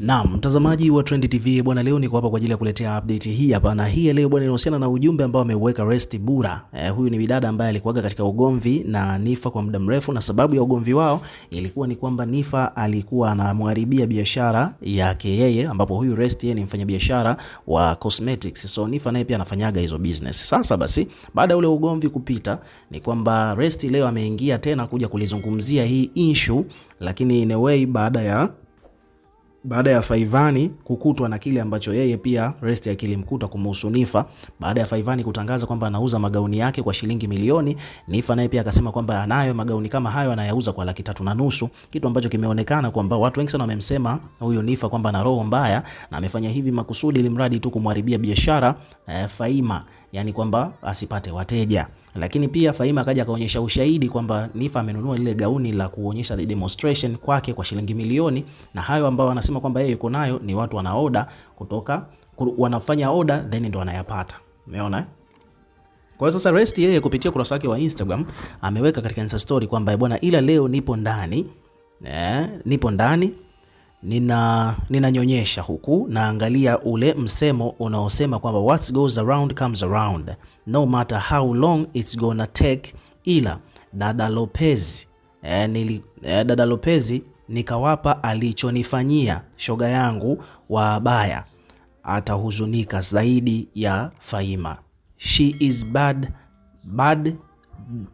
Naam, mtazamaji wa Trend TV bwana, leo niko hapa kwa ajili ya kuletea update hii hapa, na hii leo bwana inahusiana na ujumbe ambao ameuweka Rest Bura. Eh, huyu ni bidada ambaye alikuwaga katika ugomvi na Nifa kwa muda mrefu, na sababu ya ugomvi wao ilikuwa ni kwamba Nifa alikuwa anamharibia biashara yake yeye, ambapo huyu Rest yeye ni mfanyabiashara wa cosmetics. So Nifa naye pia anafanyaga hizo business. Sasa basi, baada ya ule ugomvi kupita, ni kwamba Rest leo ameingia tena kuja kulizungumzia hii issue, lakini in a way baada ya baada ya Faivani kukutwa na kile ambacho yeye pia resti ya kilimkuta kumuhusu Nifa, baada ya Faivani kutangaza kwamba anauza magauni yake kwa shilingi milioni, Nifa naye pia akasema kwamba anayo magauni kama hayo, anayauza kwa laki tatu na nusu, kitu ambacho kimeonekana kwamba watu wengi sana wamemsema huyo Nifa kwamba ana roho mbaya na amefanya hivi makusudi, ili mradi tu kumharibia biashara eh, Faima yani kwamba asipate wateja. Lakini pia Fahima akaja akaonyesha ushahidi kwamba Niffer amenunua lile gauni la kuonyesha the demonstration kwake kwa shilingi milioni, na hayo ambao wanasema kwamba yeye yuko nayo ni watu wana order kutoka wanafanya oda then ndo wanayapata. Umeona Kwa sasa Rest yeye kupitia ukurasa wake wa Instagram ameweka katika Insta story kwamba bwana, ila leo nipo ndani eh, nipo ndani nina ninanyonyesha huku naangalia ule msemo unaosema kwamba what goes around comes around no matter how long it's gonna take, ila dada Lopez eh, nili, eh, dada Lopez nikawapa alichonifanyia shoga yangu wabaya, atahuzunika zaidi ya Faima. She is bad, bad,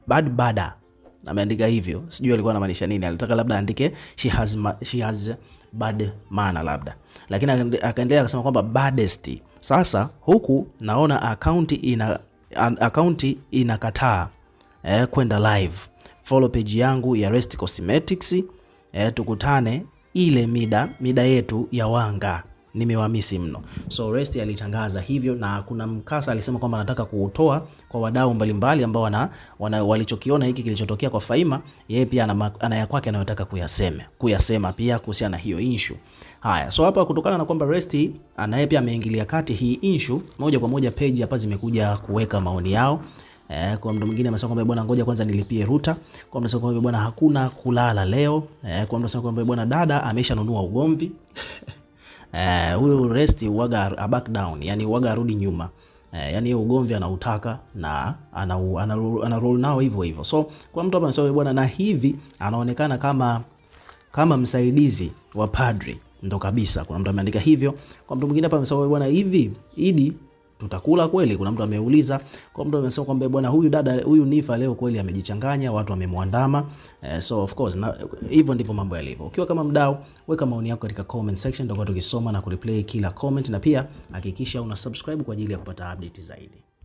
bad bada ameandika hivyo, sijui alikuwa anamaanisha nini. Alitaka labda aandike she has, she has bad mana labda, lakini akaendelea akasema kwamba baddest. Sasa huku naona akaunti ina akaunti inakataa eh, kwenda live. Follow page yangu ya Rest Cosmetics eh, tukutane ile mida mida yetu ya wanga nimewamisi mno. So Rest alitangaza hivyo, na kuna mkasa alisema kwamba anataka kuutoa kwa wadau mbalimbali ambao wana, wana, walichokiona hiki kilichotokea kwa Faima. Yeye pia ana ana ya kwake anayotaka kuyasema, kuyasema pia kuhusiana na hiyo issue. Haya, so hapa kutokana na kwamba Rest anaye pia ameingilia kati hii issue, moja kwa moja page hapa zimekuja kuweka maoni yao. Eh, kwa mtu mwingine amesema kwamba bwana, ngoja kwanza nilipie ruta. Kwa mtu anasema kwamba bwana, hakuna kulala leo. Eh, kwa mtu anasema kwamba bwana, dada ameshanunua ugomvi Eh, huyo uh, resti uwaga a back down, yani uwaga arudi nyuma uh, yani ugomvi anautaka na ana, ana, roll nao hivyo hivyo. So kuna mtu ambaye anasema bwana, na hivi anaonekana kama kama msaidizi wa padri ndo kabisa. Kuna mtu ameandika hivyo. Kwa mtu mwingine hapa amesema bwana, hivi Idi tutakula kweli? Kuna mtu ameuliza kwa mtu amesema kwamba bwana, huyu dada huyu Nifa leo kweli amejichanganya, watu wamemwandama. Uh, so of course na hivyo ndivyo mambo yalivyo. Ukiwa kama mdau, weka maoni yako katika comment section, tutakuwa tukisoma na kureplay kila comment, na pia hakikisha una subscribe kwa ajili ya kupata update zaidi.